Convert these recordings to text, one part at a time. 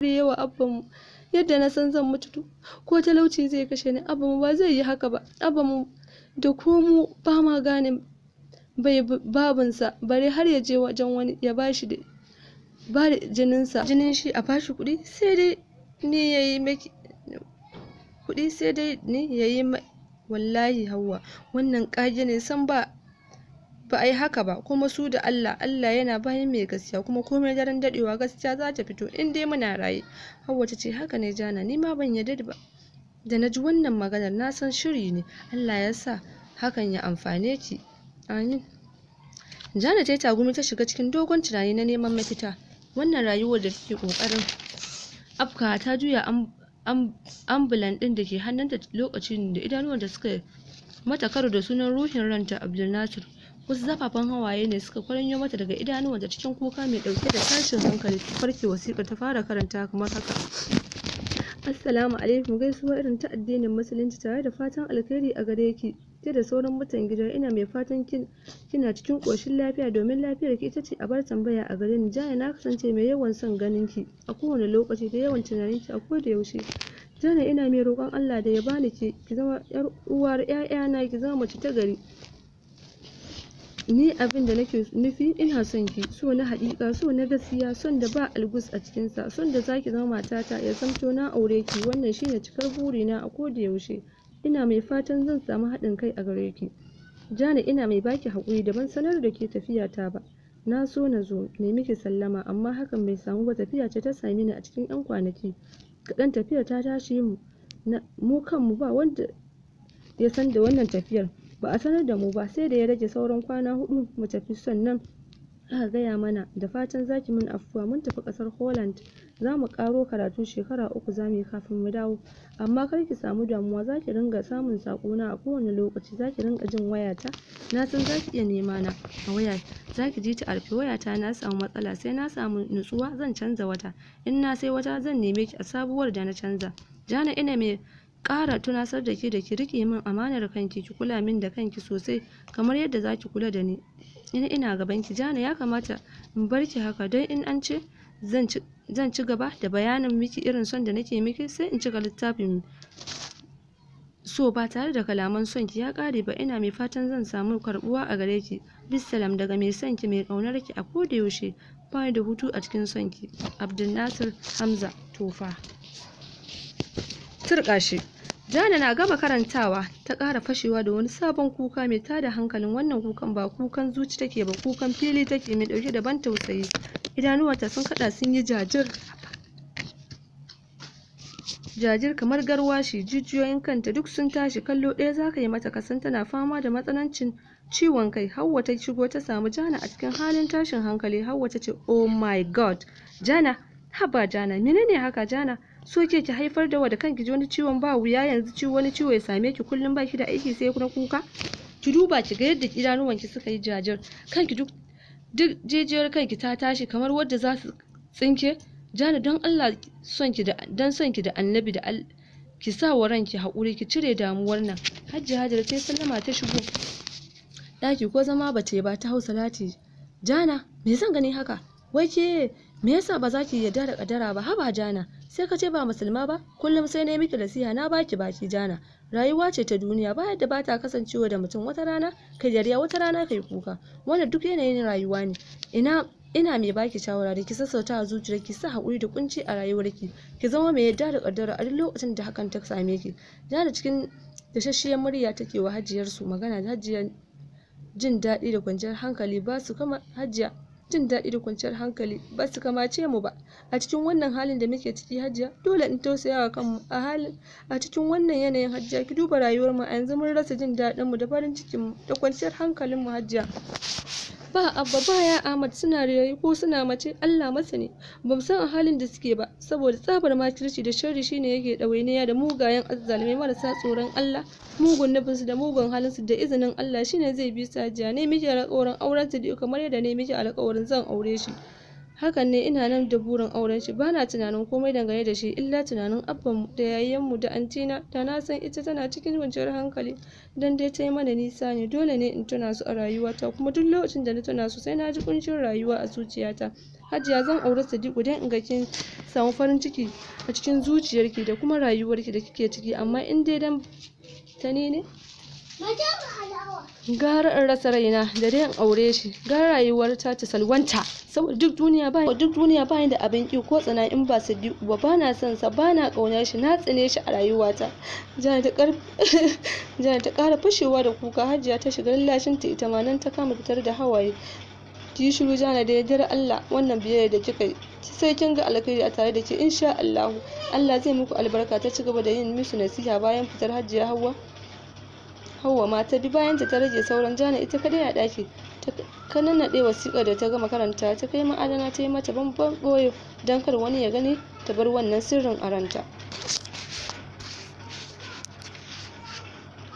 ya wa mu yadda na san zan mutu ko talauci zai kashe ni mu ba zai yi haka ba mu da ko mu ba ma gane bai babinsa bare har ya je wajen wani ya bashi da ba da jininsa jinin shi a bashi kuɗi sai dai ne ya yi maki kuɗi sai dai ya yi wallahi hawa wannan ƙage ne san ba ba a yi haka ba kuma su da Allah Allah yana bayan mai gaskiya kuma komai daren dadewa gaskiya za ta fito in dai muna raye Hauwa ta ce haka ne jana ni ma ban yarda ba da na ji wannan maganar na san shiri ne Allah ya sa hakan ya amfane ki amin jana ta yi tagumi ta shiga cikin dogon tunani na neman mafita wannan rayuwar da take kokarin afka ta juya ambulan din da ke hannunta lokacin da idanuwan da suka mata karo da sunan ruhin ranta abdulnasir wasu zafafan hawaye ne suka kwaranyo mata daga idanuwanta cikin kuka mai dauke da tashin hankali ta farke wasiƙar ta fara karanta kamar haka assalamu alaikum gaisuwa irin ta addinin musulunci tare da fatan alkhairi a gare ki ke da sauran mutan gida ina mai fatan kina cikin koshin lafiya domin lafiyar ki ita ce a bar tambaya a gare ni jaya na kasance mai yawan son ganin ki a kowane lokaci da yawan tunanin ki a da yaushe jana ina mai roƙon Allah da ya bani ki ki zama yar uwar ƴaƴana ki zama mace ta gari ni abin da nake nufi ina son ki so na haƙiƙa so na gaskiya son da ba algus a cikinsa son da zaki zama matata ya zamto na aure ki wannan shine cikar burina a ko da yaushe ina mai fatan zan samu haɗin kai a gare ki jana ina mai baki haƙuri da ban sanar da ke tafiya ta ba na so na zo ne miki sallama amma hakan bai samu ba tafiya ce ta same ni a cikin yan kwanaki kaɗan tafiyar ta tashi mu mu kanmu ba wanda ya san da wannan tafiyar ba a sanar da mu ba sai da ya rage sauran kwana hudu mu tafi sannan aka gaya mana da fatan zaki mun afuwa mun tafi ƙasar holland za mu karo karatu shekara uku za mu yi kafin mu dawo amma kar ki samu damuwa za ki ringa samun sakona a kowane lokaci za ki ringa jin wayata na san za ki iya nema na a waya za ki ji ta arfi wayata na samu matsala sai na samu nutsuwa zan canza wata in na sai wata zan neme ki a sabuwar da na canza jana ina mai ƙara tunasar da ke da ki riƙe min amanar kanki ki kula min da kanki sosai kamar yadda za ki kula da ni in ina gaban ki jana ya kamata in bar ki haka don in an zan ci zan ci gaba da bayanin miki irin son da nake miki sai in cika littafin so ba tare da kalaman son ki ya kare ba ina mai fatan zan samu karbuwa a gare ki bisalam daga mai son ki mai kaunar ki a koda yaushe ba da hutu a cikin son ki abdulnasir hamza tofa turƙa shi jana na gama karantawa ta ƙara fashewa da wani sabon kuka mai tada hankalin wannan kukan ba kukan zuci take ba kukan fili take mai ɗauke da ban tausayi idanuwanta sun kaɗa sun yi jajir jajir kamar garwashi jijiyoyin kanta duk sun tashi kallo ɗaya za ka yi mata kasan tana fama da matsanancin ciwon kai hauwa ta shigo ta samu jana a cikin halin tashin hankali hauwa ta ce oh my god jana haba jana menene haka jana so ke ki haifar da wa da kanki ji wani ciwon ba wuya yanzu ciwo wani ciwo ya same ki kullum ba ki da aiki sai na kuka ki duba ki ga yadda idanuwanki suka yi jajir kanki duk duk jejiyar kanki ta tashi kamar wadda za su tsinke jana don Allah son ki da dan son da annabi da ki sa wa ranki haƙuri ki cire damuwar nan hajji hajjira sai sallama ta shigo ɗaki ko zama ba ta yi ba ta hausa lati jana me zan gani haka wai ke me yasa ba za ki yarda da kadara ba haba jana sai ka ce ba musulma ba kullum sai na yi miki nasiha na baki baki jana rayuwa ce ta duniya ba yadda ba ta kasancewa da mutum wata rana kai yarda wata rana kai kuka wannan duk yanayin rayuwa ne ina ina mai baki shawara da ki sassauta a zuciyar ki sa haƙuri da kunci a rayuwar ki ki zama mai yarda da kadara a duk lokacin da hakan ta same ki jana cikin tashashshiyar murya take wa hajiyar su magana hajiyar jin daɗi da kwanciyar hankali ba su kama hajiya jin daɗi da kwanciyar hankali ba su kamace mu ba a cikin wannan halin da muke ciki hajiya dole in tausaya wa kanmu a halin a cikin wannan yanayin hajiya ki duba rayuwar mu a yanzu mun rasa jin daɗin mu da farin cikin mu da kwanciyar hankalin mu hajiya ba abba ba ya ahmad suna raye ko suna mace allah masani ba san a halin da suke ba saboda tsabar makirci da shari shine yake ɗawainiya da mugayen azzalumai marasa tsoron allah mugun nufinsu da mugun halinsu da izinin allah shine zai bi sajiya ne miji alƙawarin auren su kamar yadda ne miji alƙawarin zan aure shi hakan ne ina nan da burin auren shi bana tunanin komai dangane da shi illa tunanin abban mu da yayan mu da antina da na san ita tana cikin kwanciyar hankali dan dai ta yi mana nisa ne dole ne in tuna su a rayuwata kuma duk lokacin da na tuna su sai na ji kuncin rayuwa a zuciyata hajiya zan aure sadiku dan in ga kin samu farin ciki a cikin zuciyarki da kuma rayuwarki da kike ciki amma in dai dan tani ne gara in rasa raina da dai in aure shi gara rayuwar ta ta salwanta saboda duk duniya ba duk duniya ba da abin ki ko tsana in ba su diku ba bana son sa bana kaunar shi na tsine shi a rayuwata jana ta kar jana ta kara fashewa da kuka hajjiya ta shiga lallashin ta ita ma nan ta kama fitar da hawaye ki shiru jana da yardar Allah wannan biyayya da kika yi sai kin ga alkhairi a tare da ke insha Allah Allah zai muku albarka ta ci gaba da yin musu nasiha bayan fitar hajiya Hauwa Hauwa ma ta bi bayan ta rage sauran jana ita kadai a ɗaki ta kananade wasiƙar da ta gama karanta ta kai ma'adana ta yi mata babban boyo don kar wani ya gani ta bar wannan sirrin a ranta.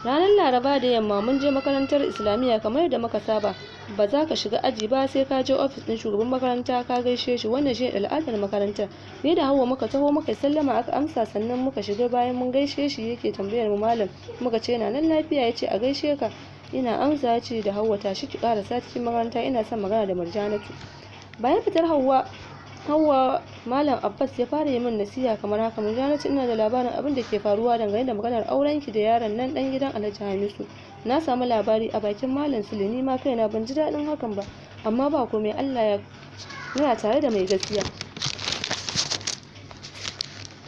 ranar laraba da yamma mun je makarantar islamiyya kamar da muka saba ba za ka shiga aji ba sai ka je ofis din shugaban makaranta ka gaishe shi wannan shi al'adar makarantar ni da hawa muka taho muka sallama aka amsa sannan muka shiga bayan mun gaishe shi yake tambayar mu malam muka ce na nan lafiya ya ce a gaishe ka ina amsa yace da hawa tashi ki sa cikin makaranta ina son magana da marjanatu bayan fitar Hauwa. hawa malam abbas ya fara yi min nasiha kamar haka mun na ce ina da labarin abin da ke faruwa dangane da maganar auren ki da yaron nan dan gidan alhaji hamisu na samu labari a bakin malam sule ni ma kaina ban ji dadin hakan ba amma ba komai allah ya yana tare da mai gaskiya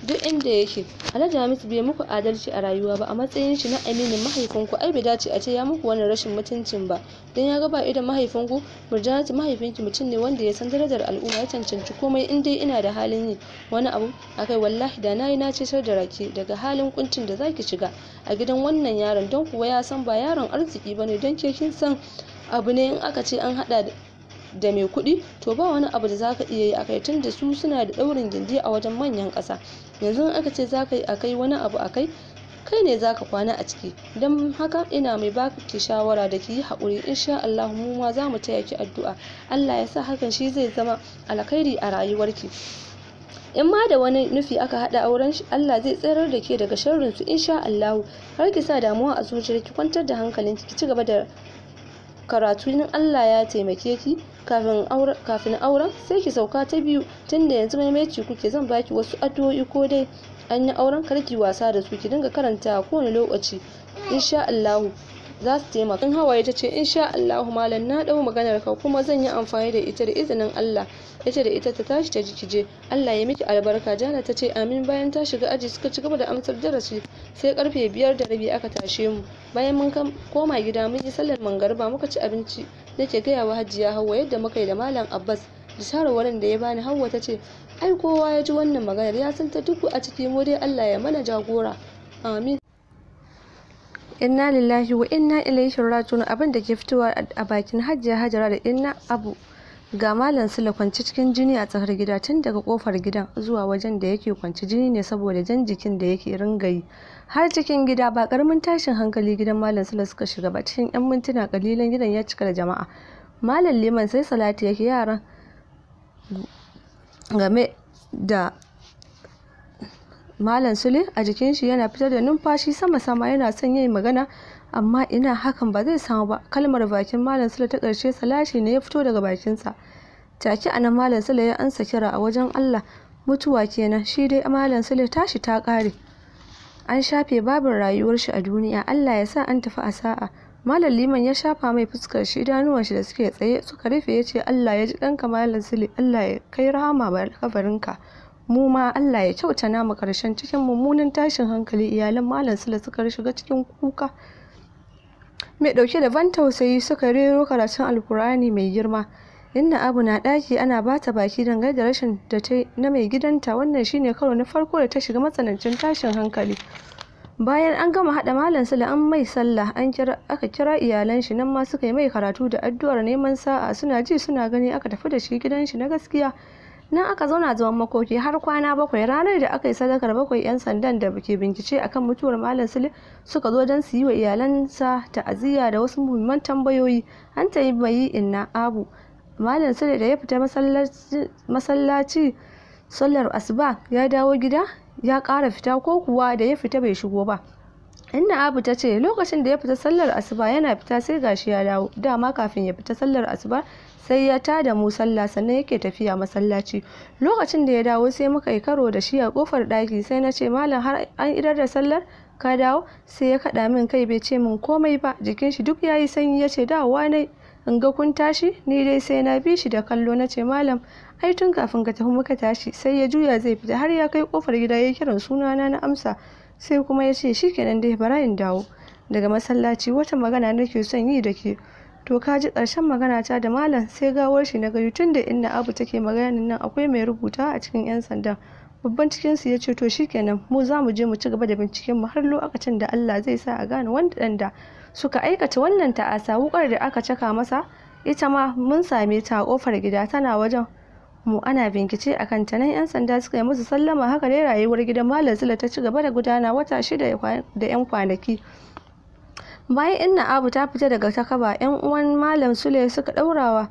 duk inda yake alhaji hamisu bai muku adalci a rayuwa ba a matsayin shi na aminin mahaifinku ai bai dace a ce ya muku wannan rashin mutuncin ba dan ya ga ba idan mahaifinku murjanatu mahaifinki mutum ne wanda ya san darajar al'umma ya cancanci komai in dai ina da halin yi wani abu akai wallahi da nayi na cetar da rake daga halin kuncin da zaki shiga a gidan wannan yaron don kuwa ya san ba yaron arziki bane don ke kin san abu ne in aka ce an hada da mai kuɗi to ba wani abu da za ka iya yi a akai da su suna da ɗaurin gindi a wajen manyan ƙasa yanzu in aka ce za ka yi a kai wani abu a kai kai ne za ka kwana a ciki don haka ina mai baka ki shawara da ki yi haƙuri insha Allah mu ma za mu taya ki addu'a Allah ya sa hakan shi zai zama alkhairi a rayuwarki in ma da wani nufi aka haɗa auren shi Allah zai tsayar da ke daga sharrin su insha Allah har ki sa damuwa a zuciyarki ki kwantar da hankalinki ki ci gaba da karatu in Allah ya taimake ki kafin auren sai ki sauka ta biyu tunda yanzu maimaici kuke zan baki wasu addu'o'i ko dai an yi auren karki wasa da su ki dinga karanta kowane lokaci insha Allah za su taimaka in hawaye ta ce insha Allah malam na dau maganar ka kuma zan yi amfani da ita da izinin Allah ita da ita ta tashi ta jiki je Allah ya miki albarka jana ta ce amin bayan ta shiga aji suka ci gaba da amsar darasi sai karfe biyar da rabi aka tashe mu bayan mun koma gida mun yi sallar mangariba muka ci abinci nake gaya wa hajiya hawa yadda muka yi da malam abbas da shawarwarin da ya bani hawa ta ce ai kowa ya ji wannan maganar ya san ta duk a ciki mu dai allah ya mana jagora amin inna lillahi wa inna ilaihi rajiun abin da ke fitowa a bakin hajiya hajara da inna abu ga malam sula kwanci cikin jini a tsakar gida tun daga kofar gidan zuwa wajen da yake kwanci jini ne saboda jan jikin da yake ringayi har cikin gida ba karamin tashin hankali gidan malam sula suka shiga ba cikin yan mintuna kalilan gidan ya cika da jama'a malam liman sai salati yake yaran game da malam sule a jikin shi yana fitar da numfashi sama sama yana son yin magana amma ina hakan ba zai samu ba kalmar bakin malam sule ta karshe salashi ne ya fito daga bakinsa take nan malam sule ya ansa kira a wajen allah mutuwa kenan shi dai malam sule tashi ta kare an shafe babin rayuwar shi a duniya Allah ya sa an tafi a sa'a Malam Liman ya shafa mai fuskar shi idanuwan shi da suke tsaye suka rufe ya ce Allah ya ji ɗanka Malam Sule Allah ya kai rahama kabarinka mu ma Allah ya kyauta namu karshen cikin mummunan tashin hankali iyalan Malam Sule suka shiga cikin kuka mai ɗauke da ban tausayi suka rero karatun alkur'ani mai girma inna abu na daki ana bata baki dangane da rashin da ta na mai gidanta wannan shine karo na farko da ta shiga matsanancin tashin hankali bayan an gama haɗa malam sula an mai sallah an kira aka kira iyalan shi nan ma suka yi mai karatu da addu'ar neman sa'a suna ji suna gani aka tafi da shi gidan shi na gaskiya nan aka zauna zaman makoki har kwana bakwai ranar da aka yi sadakar bakwai 'yan sandan da ke bincike akan mutuwar malam sule suka zo don su yi wa iyalansa ta'aziyya da wasu muhimman tambayoyi an tambayi inna abu malam sule da ya fita masallaci sallar asuba ya dawo gida ya kara fita ko kuwa da ya fita bai shigo ba inna abu ta ce lokacin da ya fita sallar asuba yana fita sai gashi ya dawo dama kafin ya fita sallar asuba sai ya ta mu salla sannan yake tafiya masallaci lokacin da ya dawo sai muka yi karo da shi a kofar ɗaki sai na ce malam har an idar da sallar ka dawo sai ya kaɗa min kai bai ce min komai ba jikin shi duk yayi sanyi ya ce dawowa ne in ga kun tashi ni dai sai na bi shi da kallo na ce malam ai tun kafin ka tafi muka tashi sai ya juya zai fita har ya kai kofar gida ya kiran sunana na amsa sai kuma ya ce shikenan dai bara in dawo daga masallaci wata magana nake son yi da ke to ka ji ƙarshen magana ta da malam sai gawar shi na gari tun da inna abu take maganin nan akwai mai rubuta a cikin 'yan sanda babban cikin su ya ce to shi shikenan mu za mu je mu ci gaba da binciken mu har lokacin da Allah zai sa a gane wanda dan da suka aikata wannan ta'asa wukar da aka caka masa ita ma mun same ta kofar gida tana wajen mu ana bincike a kan nan yan sanda suka yi musu sallama haka dai rayuwar gidan malam sila ta ci gaba da gudana wata shida da yan kwanaki bayan inna abu ta fita daga takaba yan uwan malam sule suka daurawa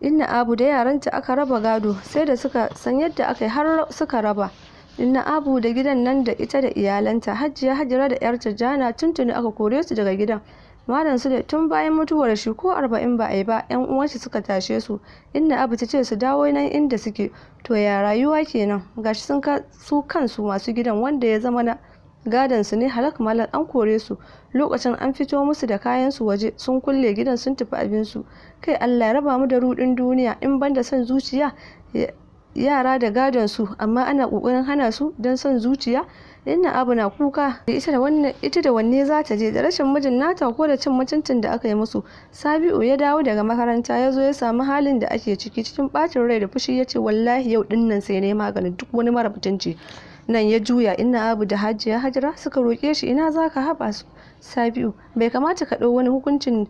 inna abu da yaranta aka raba gado sai da suka san yadda aka yi har suka raba Inna Abu da gidan nan da ita da iyalanta Hajiya Hajara da ‘yarta Jana tuntuni aka kore su daga gidan. Malam da tun bayan mutuwar shi ko arba'in ba a yi ba ‘yan uwanshi suka tashe su inna Abu ta ce su dawo nan inda suke to ya rayuwa kenan gashi sun su kansu masu gidan wanda ya zama na gadon su ne halak malar an kore su lokacin an fito musu da kayan su waje sun kulle gidan sun tafi abin su kai Allah ya raba mu da rudin duniya in banda son zuciya yara da gadon su amma ana kokarin hana su don son zuciya inna abu na kuka ita da wanne za ta je da rashin mijin nata ko da cin mutuncin da aka yi musu sabi'u ya dawo daga makaranta ya zo ya samu halin da ake ciki cikin bacin rai da fushi ya ce wallahi yau dinnan sai ne maganin duk wani mara mutunci nan ya juya inna abu da hajiya hajira suka roke shi ina za ka haɓa su sabi'u bai kamata ka ɗau wani hukuncin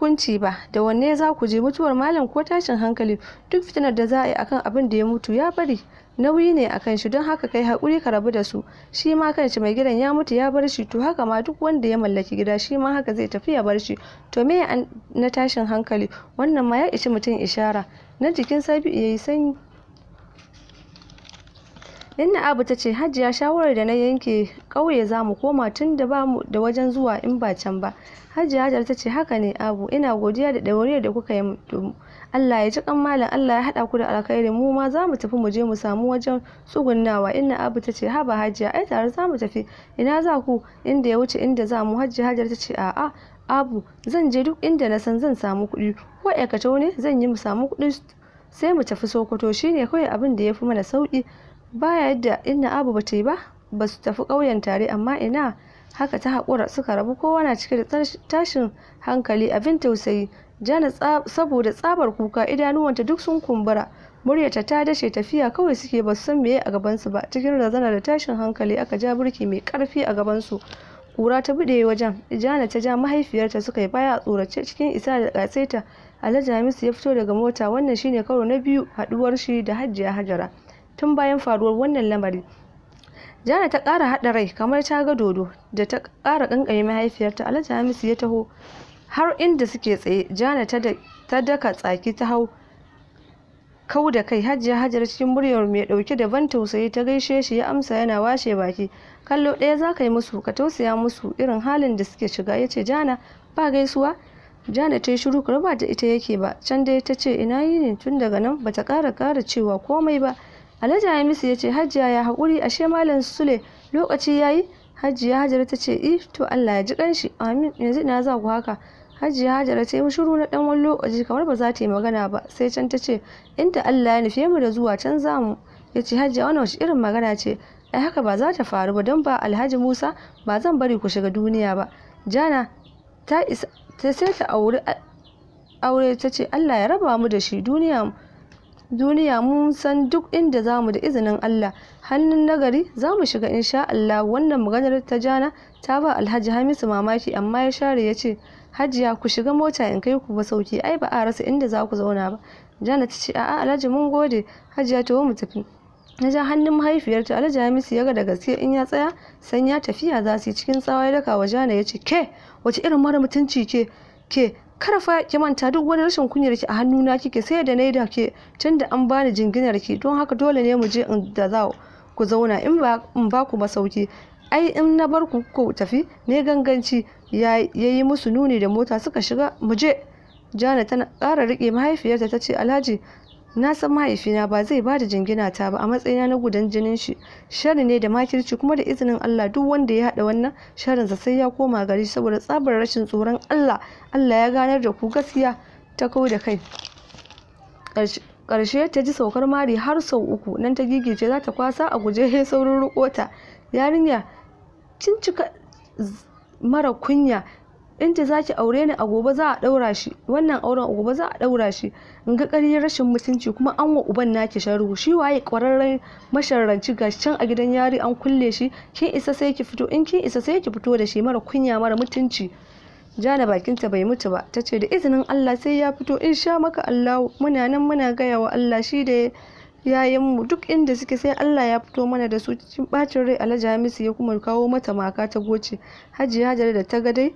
hukunci ba da wanne za ku je mutuwar malam ko tashin hankali duk fitinar da za a yi akan abin da ya mutu ya bari nauyi ne akan shi don haka kai hakuri ka rabu da su shi ma shi mai gidan ya mutu ya bar shi to haka ma duk wanda ya mallaki gida shi ma haka zai tafi ya bar shi to me na tashin hankali wannan ma ya ishi mutum ishara na jikin sabi'u ya sanyi inna abu ta ce hajiya shawarar da na yanke ƙauye za mu koma tun da ba mu da wajen zuwa in ba can ba hajiya hajar ta ce haka ne abu ina godiya da ɗawainiyar da kuka yi mu allah ya ji kan allah ya haɗa ku da alkhairi mu ma za mu tafi mu je mu samu wajen tsugunnawa inna abu ta ce haba hajiya ai tare za mu tafi ina za ku inda ya wuce inda za mu hajiya hajar ta ce a'a abu zan je duk inda na san zan samu kuɗi ko aikatau ne zan yi mu samu kuɗi sai mu tafi sokoto shine kawai abin da ya fi mana sauki. baya yadda inna abu ba ta yi ba ba su tafi ƙauyen tare amma ina haka ta haƙura suka rabu kowa na cike da tashin hankali abin tausayi jana saboda tsabar kuka idanuwanta duk sun kumbura muryarta ta dashe tafiya kawai suke ba su san meye a gabansu ba cikin razana da tashin hankali aka ja burki mai ƙarfi a gabansu kura ta buɗe wajen jana ta ja mahaifiyarta suka yi baya a tsorace cikin isa da ƙasaita alhaji hamisu ya fito daga mota wannan shine karo na biyu haɗuwar shi da hajjiya hajara tun bayan faruwar wannan lamari jana ta kara haɗa rai kamar ta ga dodo da ta ƙara kankaye mahaifiyarta alhaji hamisu ya taho har inda suke tsaye jana ta daka tsaki ta hau kau da kai hajiya hajar cikin muryar mai ɗauke da ban tausayi ta gaishe shi ya amsa yana washe baki kallo ɗaya za ka yi musu ka tausaya musu irin halin da suke shiga ya ce jana ba gaisuwa jana ta yi shiru karba da ita yake ba can dai ta ce ina yi ne tun daga nan ba ta kara kara cewa komai ba alhaji hamisu ya ce hajiya ya haƙuri ashe malam sule lokaci ya yi hajiya hajara ta ce i eh, to allah ya ji kanshi amin yanzu ina za ku haka hajiya hajara ta yi shiru na ɗan wani lokaci kamar ba za ta yi magana ba sai can ta ce inda allah ya nufe mu da zuwa can za mu ya ce hajiya wannan wace irin magana ce ai haka ba za ta faru ba don ba alhaji musa ba zan bari ku shiga duniya ba jana ta isa ta sai ta aure ta ce allah ya raba mu da shi duniya duniya mun san duk inda zamu da izinin Allah hannun nagari zamu shiga insha Allah wannan maganar ta jana ta ba Alhaji Hamisu mamaki amma ya share ya ce Hajiya ku shiga mota in kai ku ba sauki ai ba a rasa inda za ku zauna ba Jana ta ce a'a Alhaji mun gode Hajiya to mu tafi na ja hannun mahaifiyarta alhaji hamisu ya ga da gaske in ya tsaya san ya tafiya za su yi cikin tsawa ya daka wa jana ya ce ke wace irin mara mutunci ke ke kar fa ki manta duk wani rashin kunyar ki a hannuna kike sai da da ke tunda an bani jinginar ki don haka dole ne mu je in da za ku zauna in ba in ba ku masauki ai in na bar ku ku tafi ne ganganci yayi musu nuni da mota suka shiga mu je jana tana ƙara rike mahaifiyarta ta ce alhaji na san mahaifina ba zai bada jingina ta ba a matsayina na gudan jinin shi shari ne da makirci kuma da izinin Allah duk wanda ya haɗa wannan sharinsa sai ya koma gari saboda tsabar rashin tsoron Allah Allah ya ganar da ku gaskiya ta kau da kai karshe ta ji saukar mari har sau uku nan ta gigice za ta kwasa a guje he saurin rukota yarinya cincika mara kunya in za ki aure ni a gobe za a ɗaura shi wannan auren a gobe za a ɗaura shi in ga ƙarya rashin mutunci kuma an wa uban naki sharru shi waye ƙwararren masharranci ga can a gidan yari an kulle shi kin isa sai ki fito in kin isa sai ki fito da shi mara kunya mara mutunci jana bakinta bai mutu ba ta ce da izinin Allah sai ya fito in sha maka Allah muna nan muna gaya wa Allah shi da yayin mu duk inda suke sai Allah ya fito mana da su cikin bacin rai Alhaji Hamisu ya kuma kawo mata maka ta goce Hajiya Hajara da ta ga dai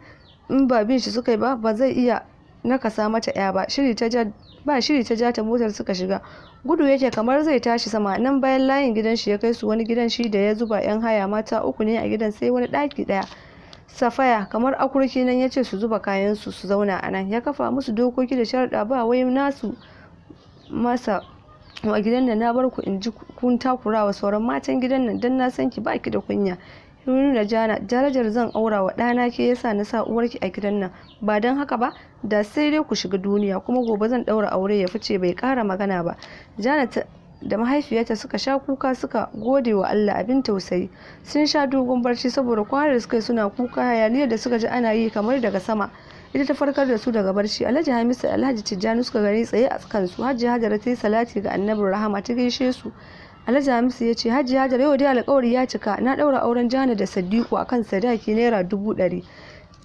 in ba bin shi suka yi ba ba zai iya nakasa mata ya ba shiri ta ja ba shiri ta ja ta motar suka shiga gudu yake kamar zai tashi sama nan bayan layin gidan shi ya kai su wani gidan shi da ya zuba yan haya mata uku ne a gidan sai wani ɗaki ɗaya safaya kamar akurki nan ya ce su zuba kayan su su zauna a nan ya kafa musu dokoki da sharaɗa ba wai nasu masa a gidan nan na bar ku in ji kun takurawa sauran matan gidan nan dan na san ki baki da kunya Yuri da jana darajar zan aura wa ɗana ke yasa na sa uwarki a gidan nan ba don haka ba da sai dai ku shiga duniya kuma gobe zan ɗaura aure ya fice bai ƙara magana ba jana da mahaifiyarta suka sha kuka suka gode wa Allah abin tausayi sun sha dogon barci saboda kwanar suka suna kuka hayaniyar da suka ji ana yi kamar daga sama ita ta farkar da su daga barci alhaji hamisu alhaji tijjani suka gani tsaye a kansu hajji hajara ta yi salati ga annabin rahama ta gaishe su Alhaji ya ce Hajji Hajar yau dai alƙawari ya cika na ɗaura auren Jana da Sadiku akan sadaki naira dubu ɗari.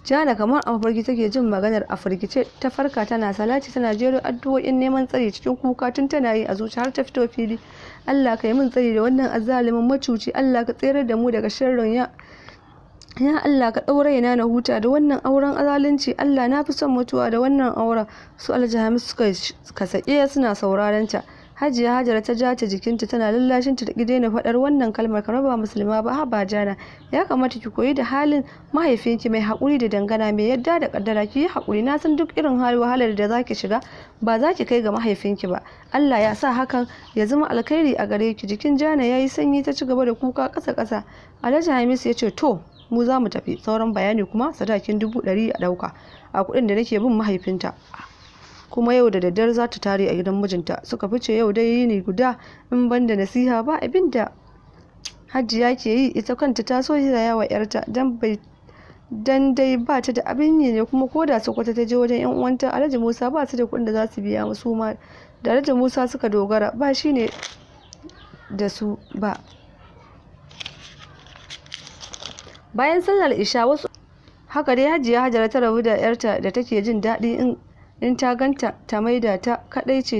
Jana kamar a mafarki take jin maganar a firgice ta farka tana salati tana jero addu'o'in neman tsari cikin kuka tun tana yi a zuci har ta fito fili. Allah ka yi min tsari da wannan azalimin macuci Allah ka tsere da mu daga sharrin ya ya Allah ka ɗaura na na huta da wannan auren azalunci Allah na fi son mutuwa da wannan auren su aljihamis suka sake suna sauraron ta. hajiya hajara ta ja ta jikinta tana lallashin ta ki daina faɗar wannan kalmar kamar ba musulma ba ha ba jana ya kamata ki koyi da halin mahaifinki mai haƙuri da dangana mai yadda da kaddara ki yi haƙuri na san duk irin hali wahalar da zaki shiga ba za ki kai ga mahaifinki ba Allah ya sa hakan ya zama alkhairi a gare ki jikin jana ya yi sanyi ta ci gaba da kuka kasa-kasa Alhaji Hamisu ya ce to mu za mu tafi sauran bayani kuma sadakin dubu ɗari a ɗauka a kuɗin da nake bin mahaifinta kuma yau da daddare za ta tare a gidan mijinta suka fice yau dai yini guda in ban da nasiha ba abinda hajiya ke yi ita kanta ta so hiraya wa yarta dan bai dan dai ba ta da abin yi ne kuma koda sokoto ta je wajen yan uwanta alhaji musa ba su da kuɗin da za su biya musu ma da alhaji musa suka dogara ba shi ne da su ba bayan sallar isha wasu haka dai hajiya hajara ta rabu da yarta da take jin daɗi in in ta ganta ta maida ta kaɗai ce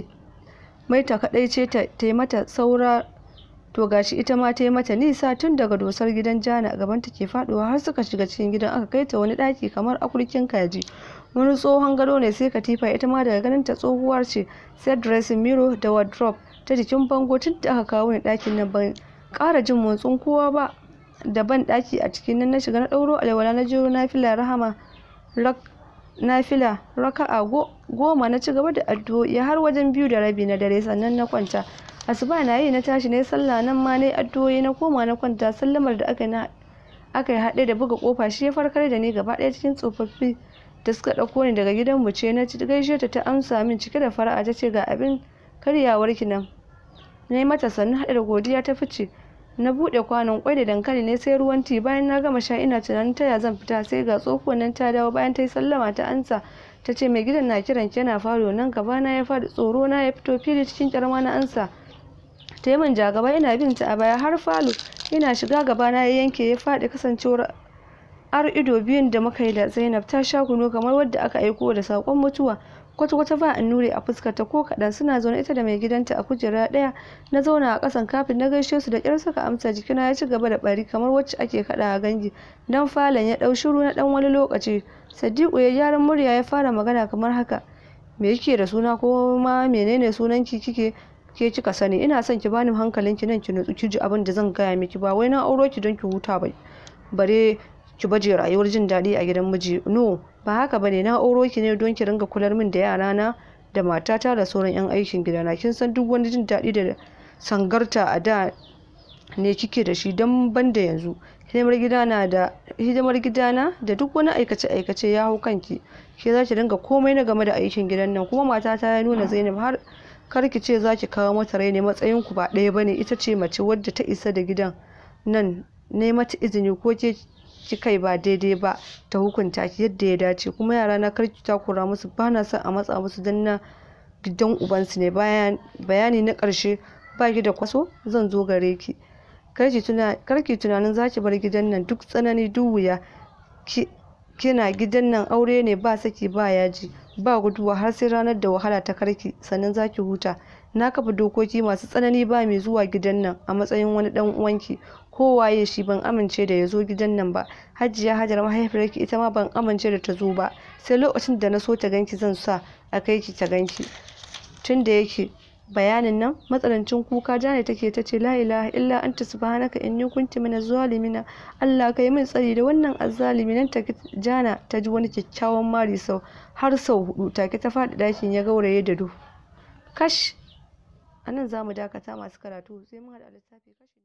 maita kadai ce ta yi mata saura to gashi ita ma ta yi mata nisa tun daga dosar gidan jana gaban ta ke faduwa har suka shiga cikin gidan aka kai ta wani daki kamar akurkin kaji wani tsohon gado ne sai katifa ita ma daga ganin ta tsohuwar ce sai dressing mirror da wardrobe ta jikin bango tun da aka kawo ni dakin nan ban kara jin motsin kowa ba da ban daki a cikin nan na shiga na dauro alwala na jiro na fila rahama nafila raka'a goma na ci gaba da addu'o'i har wajen biyu da rabi na dare sannan na kwanta asuba na yi na tashi na sallah nan ma na yi addu'o'i na koma na kwanta sallamar da aka na aka yi haɗe da buga kofa shi ya farkar da ni gaba ɗaya cikin tsofaffi da suka ɗauko ni daga gidan mu ce na gaishe ta ta amsa min cike da fara'a ta ce ga abin karyawar ki nan na yi mata sannu haɗe da godiya ta fice na buɗe kwanon kwai da dankali ne sai ruwan ti bayan na gama sha ina tunanin taya zan fita sai ga tsohuwar nan ta dawo bayan ta yi sallama ta ansa ta ce mai gidan na kiran ki yana falo nan gaba na ya faɗi tsoro na ya fito fili cikin kyarma na ansa ta yi min ja gaba ina bin ta a baya har falo ina shiga gaba na ya yanke ya faɗi kasancewar ar ido biyun da muka yi da zainab ta sha kuno kamar wadda aka aiko da sakon mutuwa kwata-kwata ba nure a fuskarta ko kaɗan suna zaune ita da mai gidanta a kujera ɗaya na zauna a ƙasan kafin na gaishe su da ƙyar suka amsa jikina ya ci gaba da bari kamar wacce ake kaɗa a gangi dan falon ya ɗau shiru na ɗan wani lokaci sadiku ya gyaran murya ya fara magana kamar haka me yake da suna ko ma menene sunanki kike ke kika sani ina son ki bani hankalinki nan ki nutsu ki ji abin da zan gaya miki ba wai na auro ki don ki huta bai bare ki baje rayuwar jin daɗi a gidan miji no ba haka bane na auro ki ne don ki ringa kular min da yara na da matata da sauran yan aikin gidana kin san duk wani jin daɗi da sangarta a da ne kike da shi don ban da yanzu hidimar gidana da duk wani aikace aikace ya hau kanki ke za ki ringa komai na game da aikin gidan nan kuma matata ya nuna zainab har kar ki ce za ki kawo mata rai ne matsayin ku ba ɗaya bane ita ce mace wadda ta isa da gidan nan ne mata izini ko ke ki kai ba daidai ba ta hukunta ki yadda ya dace kuma yara na karki ki takura musu ba na son a matsa musu dan na gidan ubansu ne bayani na karshe ba ki da kwaso zan zo gare ki karki tunanin za ki bar gidan nan duk tsanani duk wuya kina gidan nan aure ne ba saki ba yaji ba guduwa har sai ranar da wahala ta karki sannan za ki huta na kafa dokoki masu tsanani ba mai zuwa gidan nan a matsayin wani dan uwanki ko shi ban amince da ya zo gidan nan ba hajiya hajar mahaifiyarki ita ma ban amince da ta zo ba sai lokacin da na so ta ganki zan sa a kai ki ta ganki tun da yake bayanin nan matsanancin kuka jane take ta ce la ilaha illa anta subhanaka inni kunti minaz zalimina Allah ka yi min tsari da wannan azzalimi nan ta jana ta ji wani kyakkyawan mari sau har sau hudu take ta faɗi dakin ya gauraye da duhu kash A nan za mu dakata masu karatu sai mun haɗu a littafi kashi